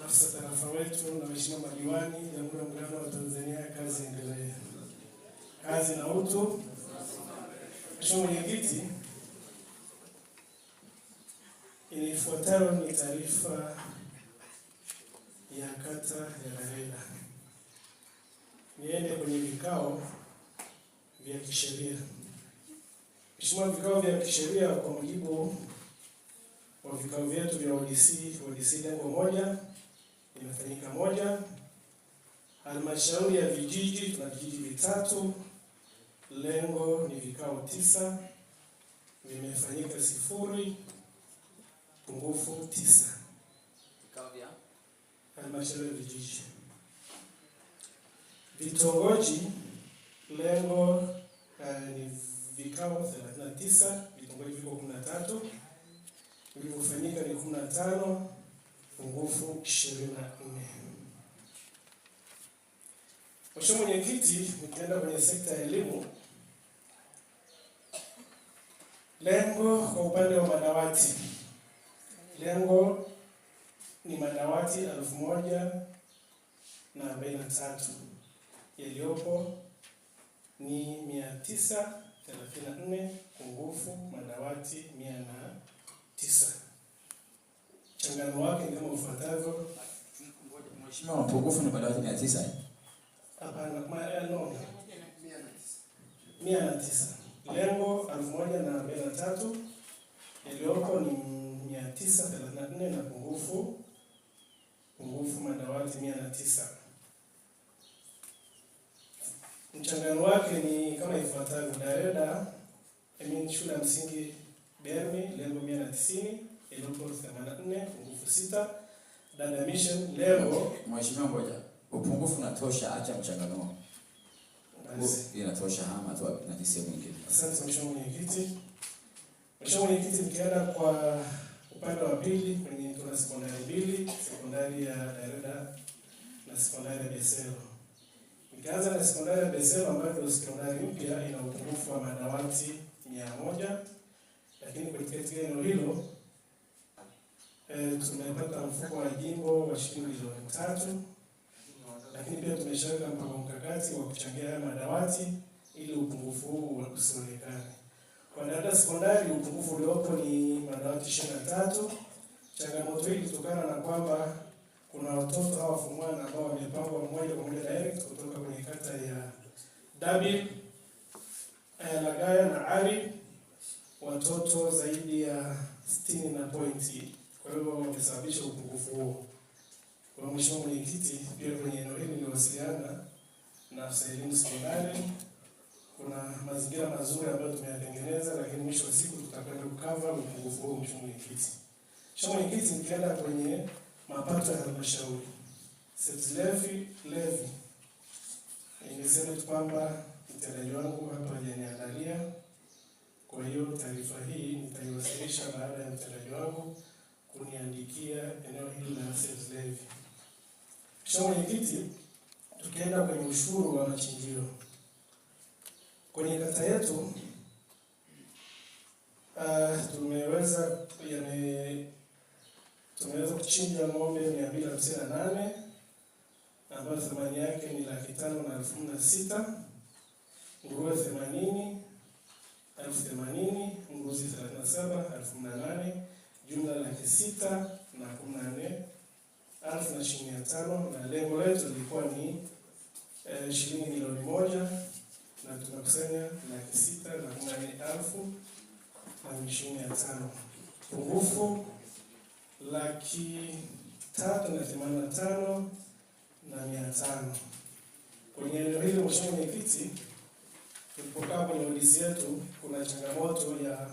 maafisa tarafa wetu na waheshimiwa madiwani, Jamhuri ya Muungano wa Tanzania, kazi endelee, kazi na utu. Mheshimiwa Mwenyekiti, inifuatayo ni taarifa ya kata ya Lareda, Niende kwenye vikao vya kisheria. Mheshimiwa, vikao vya kisheria kwa mujibu wa vikao vyetu vya ODC, ODC lengo moja imefanyika moja. Halmashauri ya vijiji tuna vijiji vitatu, lengo ni vikao tisa, vimefanyika sifuri, pungufu tisa. Halmashauri ya vijiji vitongoji, lengo uh, ni vikao 39, vitongoji viko 13, vilivyofanyika ni 15 nguvu ishirini na nne. Mheshimiwa Mwenyekiti, nikienda kwenye sekta ya elimu, lengo kwa upande wa madawati, lengo ni madawati elfu moja na arobaini na tatu yaliyopo ni mia tisa thelathini na nne pungufu madawati mia na ushindano wake ni kama ufuatavyo. Mheshimiwa mtukufu ni badala ya 9. Hapana, eh, na tisa. Lengo tatu iliyoko ni 934 na pungufu pungufu madawati tisa. Mchangano wake ni kama ifuatavyo: Dareda Emin shule ya msingi Bermi lengo 190 84 nguvu sita Mheshimiwa, ngoja upungufu natosha, acha mchanganuo inatosha, hama tu na kisi mwingine. Asante mheshimiwa mwenyekiti. Mheshimiwa mwenyekiti, nikienda kwa upande wa pili kwenye tuna sekondari mbili, sekondari ya Dareda na sekondari ya Besero. Nikianza na sekondari ya Besero ambayo ndio sekondari mpya, ina upungufu wa madawati mia moja, lakini katika eneo hilo E, tumepata mfuko wa jimbo wa shilingi milioni tatu, lakini pia tumeshaweka mpango mkakati wa kuchangia haya madawati ili upungufu huu usionekane. Kwa Ndanda sekondari upungufu uliopo ni madawati ishirini na tatu. Changamoto hii kutokana na kwamba kuna watoto hawa form one ambao wamepangwa mmoja kwa moja direct kutoka kwenye kata ya Dabi, eh, Lagaya na Ari, watoto zaidi ya sitini na pointi kwa hiyo wamesababisha upungufu huo. Kwa mheshimiwa mwenyekiti, pia kwenye eneo hili niliwasiliana na afisa elimu sekondari. Kuna mazingira mazuri ambayo tumeyatengeneza, lakini mwisho wa siku tutakwenda kukava upungufu huo. Mheshimiwa mwenyekiti, mheshimiwa mwenyekiti, nikienda kwenye mapato ya halmashauri levi levi, ingesema tu kwamba mtendaji wangu hapa hajaniandalia, kwa hiyo taarifa hii nitaiwasilisha baada ya mtendaji wangu kuniandikia eneo hili la Athens Levy. Mheshimiwa Mwenyekiti, tukienda kwenye ushuru wa machinjio kwenye kata yetu uh, tumeweza yani, tumeweza kuchinja ng'ombe mia mbili hamsini na nane ambayo thamani yake ni laki tano na elfu na sita nguruwe themanini elfu themanini mbuzi thelathini na saba elfu na nane jumla laki sita na kumi na nne elfu na ishirini na tano na lengo letu lilikuwa ni e, shilingi milioni moja na tunakusanya laki sita na kumi na nne elfu na ishirini na tano pungufu laki tatu na themanini na tano na mia tano. Kwenye eneo hili, Mheshimiwa Mwenyekiti, tulipokaa kwenye audizi yetu, kuna changamoto ya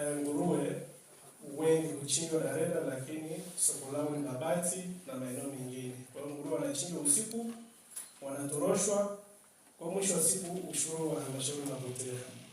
eh, nguruwe e, wengi huchinjwa Dareda, lakini soko lao ni Babati na maeneo mengine. Kwa hiyo nguruwe wanachinjwa usiku, wanatoroshwa, kwa mwisho wa siku ushuru wa halmashauri unapotea.